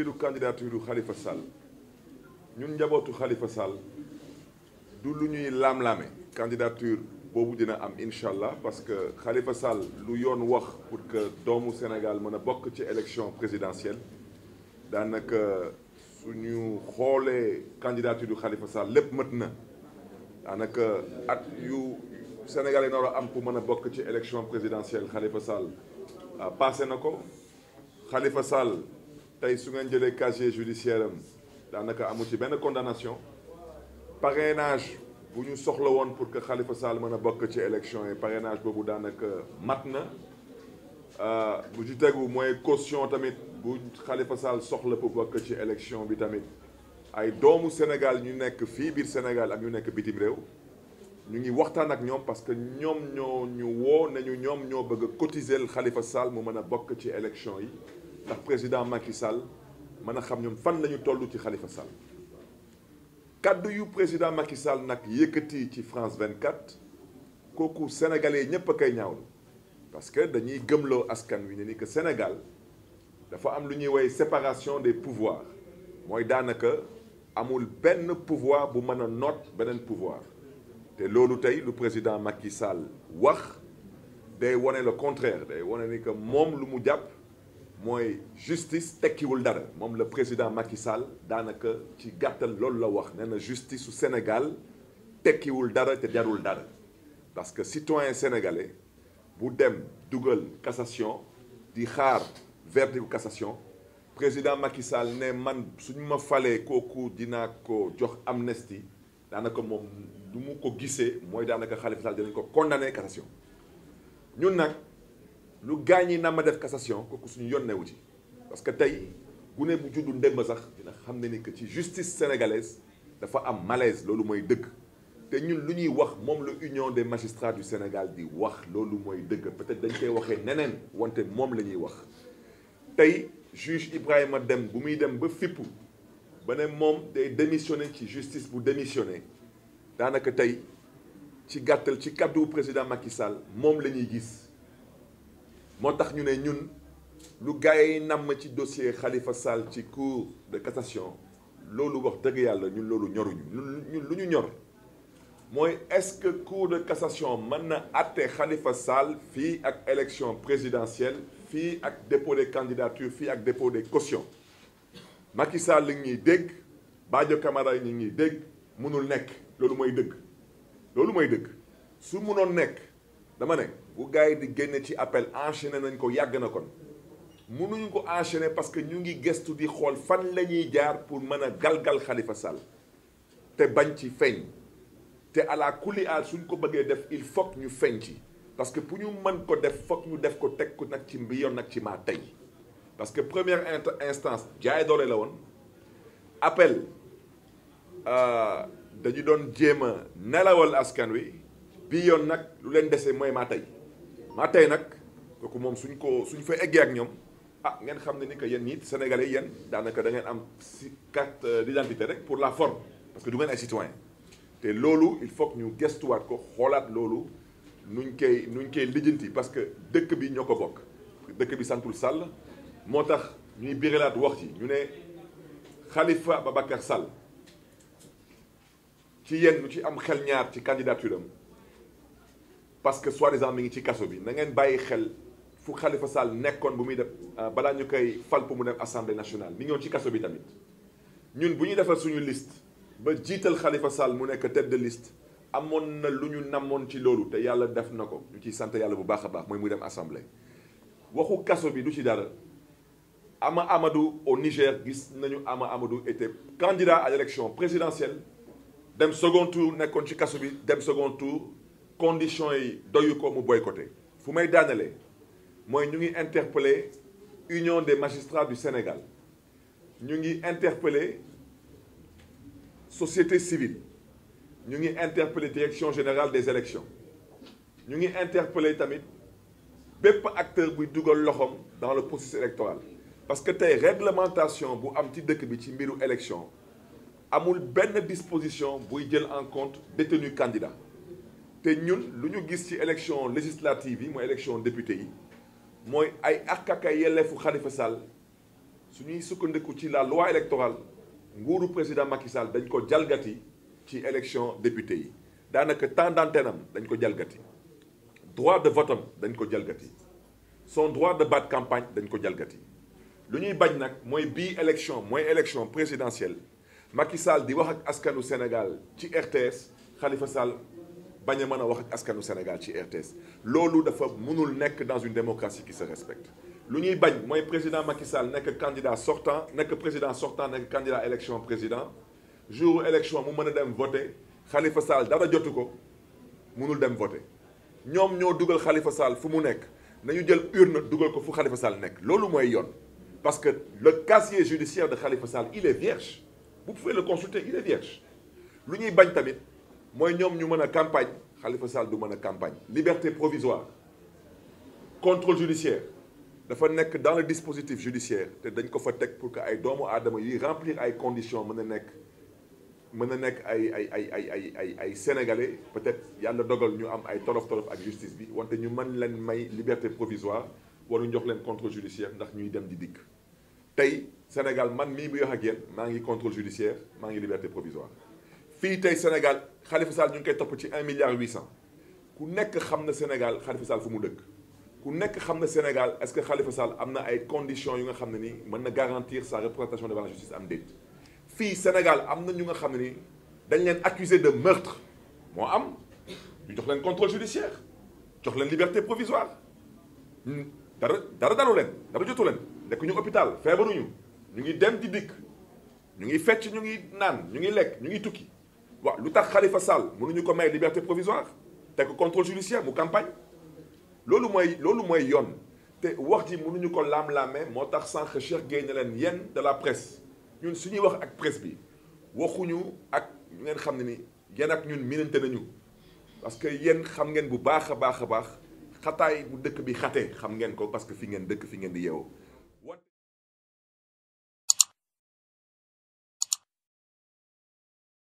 mbiru candidature yu Khalifa Sall ñun njabootu Khalifa Sall du lu ñuy laam-laame candidature boobu dina am incha allah parce que Khalifa Sall lu yoon wax pour que doomu Sénégal mën a bokk ci élection présidentielle daanaka suñu xoolee candidature yu Khalifa lépp mët na daanaka at yu Sénégal yi nar a am pour mën a bokk ci élection présidentielle Khalifa Sall ah, passé na ko Khalifa Sall. tey su ngeen jëlee casier judiciaire am daanaka amu ci benn condamnation parrainage bu ñu soxla woon pour que Khalifa Sall mën a bokk ci élection yi parrainage boobu daanaka mat na euh, bu ci tegu mooy caution tamit bu Khalifa Sall soxla bu bokk ci élection bi tamit ay doomu Sénégal ñu nekk fii biir Sénégal ak ñu nekk bitim réew ñu ngi waxtaan ak ñoom parce que ñoom ñoo ñu woo nañu ñoom ñoo bëgg a cotiser Khalifa Sall mu mën a bokk ci élection yi ndax président Macky Sall mën a xam ñoom fan la ñu toll ci Khalifa Sall kaddu yu président Macky Sall nag yëkkati ci France 24 kooku sénégalais ñépp a kay ñaawlu parce que dañuy gëmloo askan wi ne ni que Sénégal dafa am lu ñuy woy séparation des pouvoirs mooy daanaka amul benn pouvoir bu mën a noot beneen pouvoir te loolu tey lu président Macky Sall wax day wone le contraire day wone ni que moom lu mu jàpp mooy justice tekkiwul dara moom la président Macky Sall daanaka ci gàttal loolu la wax nee justice su Sénégal tekkiwul dara te jarul dara parce que citoyen sénégalais bu dem dugal cassation di xaar verdict cassation président Macky Sall ne man suñu ma falee kooku dina ko jox amnistie daanaka moom du mu ko gisee mooy daanaka Khalifa Sall dinañ ko condamné cassation ñu nag. lu gaañ yi na ma def cassation kooku suñu yoon newu ci parce que tey gune bu juddu ndémb sax dina xam ne ni que ci justice sénégalaise dafa am malaise loolu mooy dëgg te ñun lu ñuy wax moom la union des magistrats du Sénégal di wax loolu mooy dëgg peut-être dañ koy waxee neneen wante moom la ñuy wax tey juge Ibrahima dem bu muy dem ba fippu ba ne moom day démissionné ci justice bu démissionné daanaka tey ci gàttal ci kàddu président Macky Sall moom la ñuy gis moo tax ñu ne ñun lu gars yi namm ci dossier xalifa Sall ci cour de cassation loolu wax dëgg yàlla ñun loolu ñoruñu lu ñu ñor mooy est-ce que cour de cassation mën na àtte xalifa Sall fii ak élection présidentielle fii ak dépôt des candidatures fii ak dépôt des cautions Macky Sall li ñuy dégg Badio Camara ñi ñuy dégg mënul nekk loolu mooy dëgg loolu mooy dëgg su mënoon nekk dama ne bu gars yi di génne ci appel enchaîné nañ ko yàgg na kon mënuñu ko enchaîné parce que ñu ngi gëstu di xool fan la ñuy jaar pour mën a galgal Khalifa Sall te bañ ci feeñ te ala kulli aal suñ ko bëggee def il faut ñu feeñ ci parce que pour ñu mën ko def foog ñu def ko teg ko nag ci bi yoon nag ci maa tey parce que première instance jaay doole la woon appel euh, dañu doon jéem a nelawal askan wi bii yoon nag lu leen dese mooy maa tey maa tey nag kooku moom suñ ko suñ fa eggee ak ñoom ah ngeen xam ne ni que yéen ñiit sénégalais yéen daanaka da ngeen am si carte d'identité rek pour la forme parce que du ngeen ay citoyen te loolu il faut ñu gestuwaat ko xoolaat loolu nuñ koy nuñ koy lijjanti parce que dëkk bi ñoo ko bokk dëkk bi santul Sall moo tax ñuy biralaat wax ci ñu ne Khalifa Babacar Sall ci yéen ñu ci am xel ñaar ci candidature am parce que soi-disant mu ngi ci kaso bi na bàyyi xel fu Khalifa Sall nekkoon bu muy def euh, balaa ñu koy fal pour mu dem assemblée nationale mi ngi woon ci kaso bi tamit ñun bu ñuy defar suñu liste ba jiital xalifa Sall mu nekk tête de liste amoon na lu ñu namoon ci loolu te yàlla def na ko ñu ciy sant yàlla bu baax a baax mooy muy dem assemblée. waxu kaso bi du ci dara Ama Amadou au Niger gis nañu Ama Amadou était candidat à l'élection présidentielle dem second nekkoon ci kaso bi dem second conditions yi doyu ko mu boycotté fu may daanalee mooy ñu ngi interpellé union des magistrats du Sénégal ñu ngi interpellé société civile ñu ngi interpellé direction général des élections ñu ngi interpellé tamit bépp acteur buy dugal loxoom dans le processus électoral parce que tey réglementation bu am ci dëkk bi ci mbiru élection amul benn disposition buy jël en compte détenu candidat te ñun lu ñu gis ci élection législative yi mooy élection député yi mooy ay àq ak ay yelleefu Khalifa Sall sukkandiku ci la loi électorale nguuru président Macky Sall dañ ko jalgati ci élection député yi daanaka temps d'antenne am dañ ko jalgati droit de vote dañ ko jalgati son droit de bat campagne dañ ko jalgati lu ñuy bañ nag mooy bii élection mooy élection présidentielle Macky Sall di wax ak askanu Sénégal ci RTS Khalifa Sall bañ a mën a wax ak askanu Sénégal ci RTS loolu dafa mënul nekk dans une démocratie qui se respecte lu ñuy bañ mooy président Macky Sall nekk candidat sortant nekk président sortant nekk candidat élection président jour élection mu mën a dem voter Khalifa Sall dara jotu ko mënul dem voter ñoom ñoo dugal xalifa Sall fu mu nekk nañu jël urne dugal ko fu Khalifa Sall nekk loolu mooy yoon parce que le casier judiciaire de Khalifa Sall il est vierge vous pouvez le consulter lu ñuy bañ tamit mooy ñoom ñu mën a campagne xalifa Sall du mën a campagne liberté provisoire contrôle judiciaire dafa nekk dans le dispositif judiciaire te dañ ko fa teg pour que ay doomu aadama yuy remplir ay conditions mën a nekk mën a nekk ay ay ay ay ay ay ay sénégalais peut-être yàlla dogal ñu am ay tolof tolof ak justice bi wante ñu mën leen may liberté provisoire waruñ jox leen contrôle judiciaire ndax ñuy dem di dikk tey Sénégal man mii bi wax ak yéen maa ngi contrôle judiciaire maa ngi liberté provisoire fii tey Sénégal Khalifa Sall ñu ngi koy topp ci un milliard huit ku nekk xam na Sénégal Khalifa Sall fu mu dëkk ku nekk xam na Sénégal est que Khalifa Sall am na ay conditions yu nga xam ne nii mën na garantir sa représentation devant la justice am déet fii Sénégal am na ñu nga xam ne ni dañ leen accusé de meurtre moo am ñu jox leen contrôle judiciaire jox leen liberté provisoire dara dara dalu leen dara jotu leen nekku ñu hôpital feebaruñu ñu ngi dem di dikk ñu ngi fecc ñu ngi naan ñu ngi lekk ñu ngi tukki waaw lu tax Khalifa Sall mënuñu ko may liberté provisoire te ko contrôle judiciaire mu campagne loolu mooy loolu mooy yoon te wax ji mënuñu ko laam-laamee moo tax sànq Cheikh Gueye ne leen yéen de la presse ñun suñuy wax ak presse bi waxuñu ak ñu ngeen xam ne ni yéen ak ñun minante nañu parce que yéen xam ngeen bu baax a baax a baax xataay bu dëkk bi xatee xam ngeen ko parce que fi ngeen dëkk fi ngeen di yeewoo